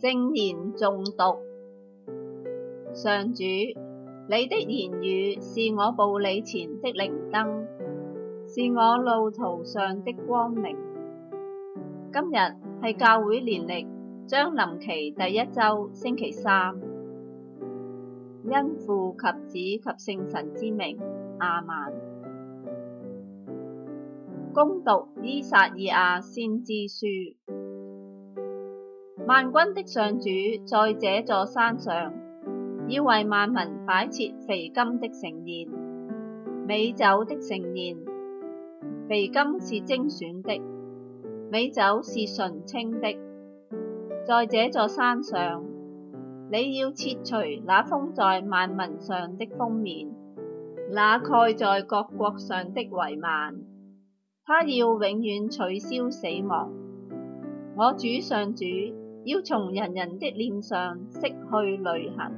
聖言誦讀。上主，你的言語是我步履前的靈燈，是我路途上的光明。今日係教會年曆將臨期第一周星期三，因父及子及聖神之名，阿曼。恭讀依撒意亞先知書。萬軍的上主，在這座山上，要為萬民擺設肥甘的盛宴、美酒的盛宴。肥甘是精選的，美酒是醇清的。在這座山上，你要撤除那封在萬民上的封面，那蓋在各國上的帷幔。他要永遠取消死亡。我主上主，要從人人的臉上拭去淚痕，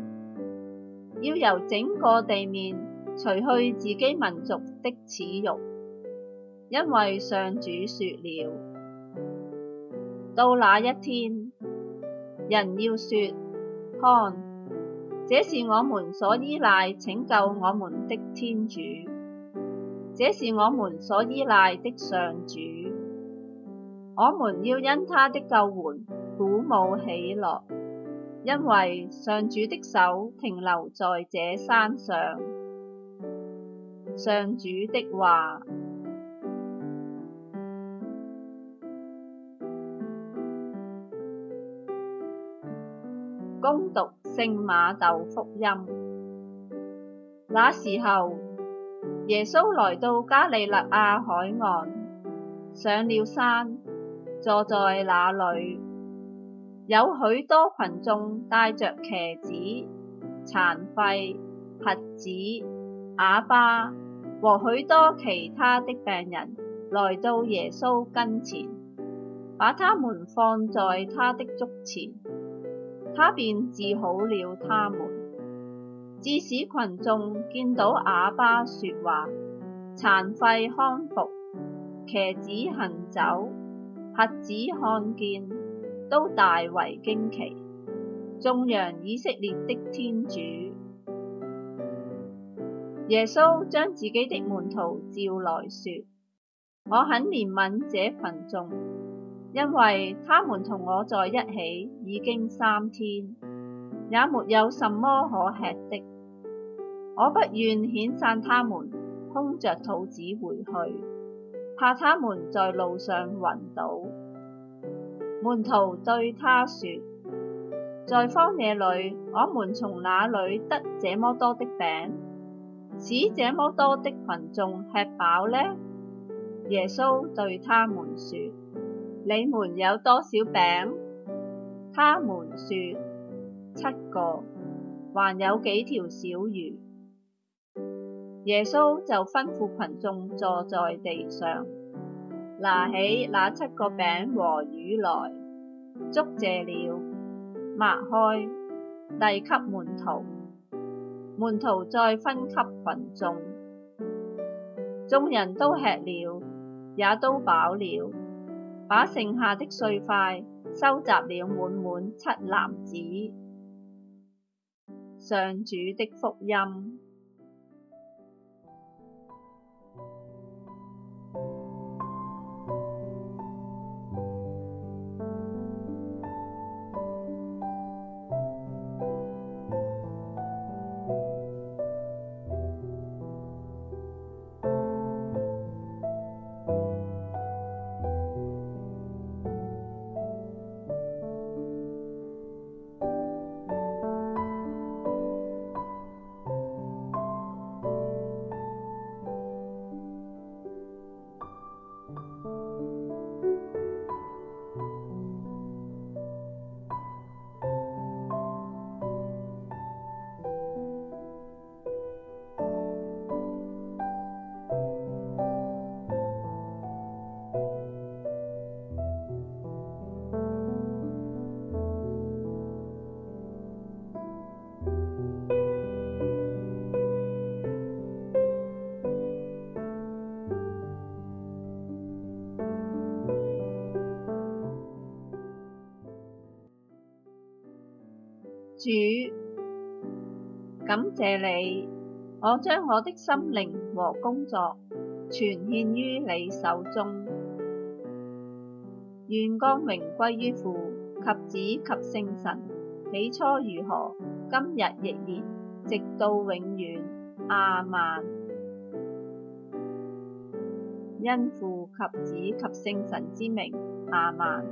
要由整個地面除去自己民族的恥辱，因為上主説了：到那一天，人要説：看，這是我們所依賴拯救我們的天主，這是我們所依賴的上主，我們要因他的救援。鼓舞喜樂，因為上主的手停留在這山上。上主的話，恭讀聖瑪竇福音。那時候，耶穌來到加里肋亞海岸，上了山，坐在那裏。有許多群眾帶着瘸子、殘廢、瞎子、啞巴和許多其他的病人來到耶穌跟前，把他們放在他的足前，他便治好了他們。致使群眾見到啞巴說話、殘廢康復、瘸子行走、瞎子看見，都大為驚奇，頌揚以色列的天主。耶穌將自己的門徒召來説：我很憐憫這群眾，因為他們同我在一起已經三天，也沒有什麼可吃的。我不願遣散他們，空着肚子回去，怕他們在路上暈倒。門徒對他說：在荒野裏，我們從哪裏得這麼多的餅，使這麼多的群眾吃飽呢？耶穌對他們說：你們有多少餅？他們說：七個。還有幾條小魚。耶穌就吩咐群眾坐在地上。拿起那七個餅和魚來，祝謝了，擘開，遞給門徒，門徒再分給群眾，眾人都吃了，也都飽了，把剩下的碎塊收集了滿滿七籃子。—上主的福音。主，感謝你，我將我的心靈和工作全獻於你手中，願光榮歸於父及子及聖神，起初如何，今日亦然，直到永遠，阿曼。因父及子及聖神之名，阿曼。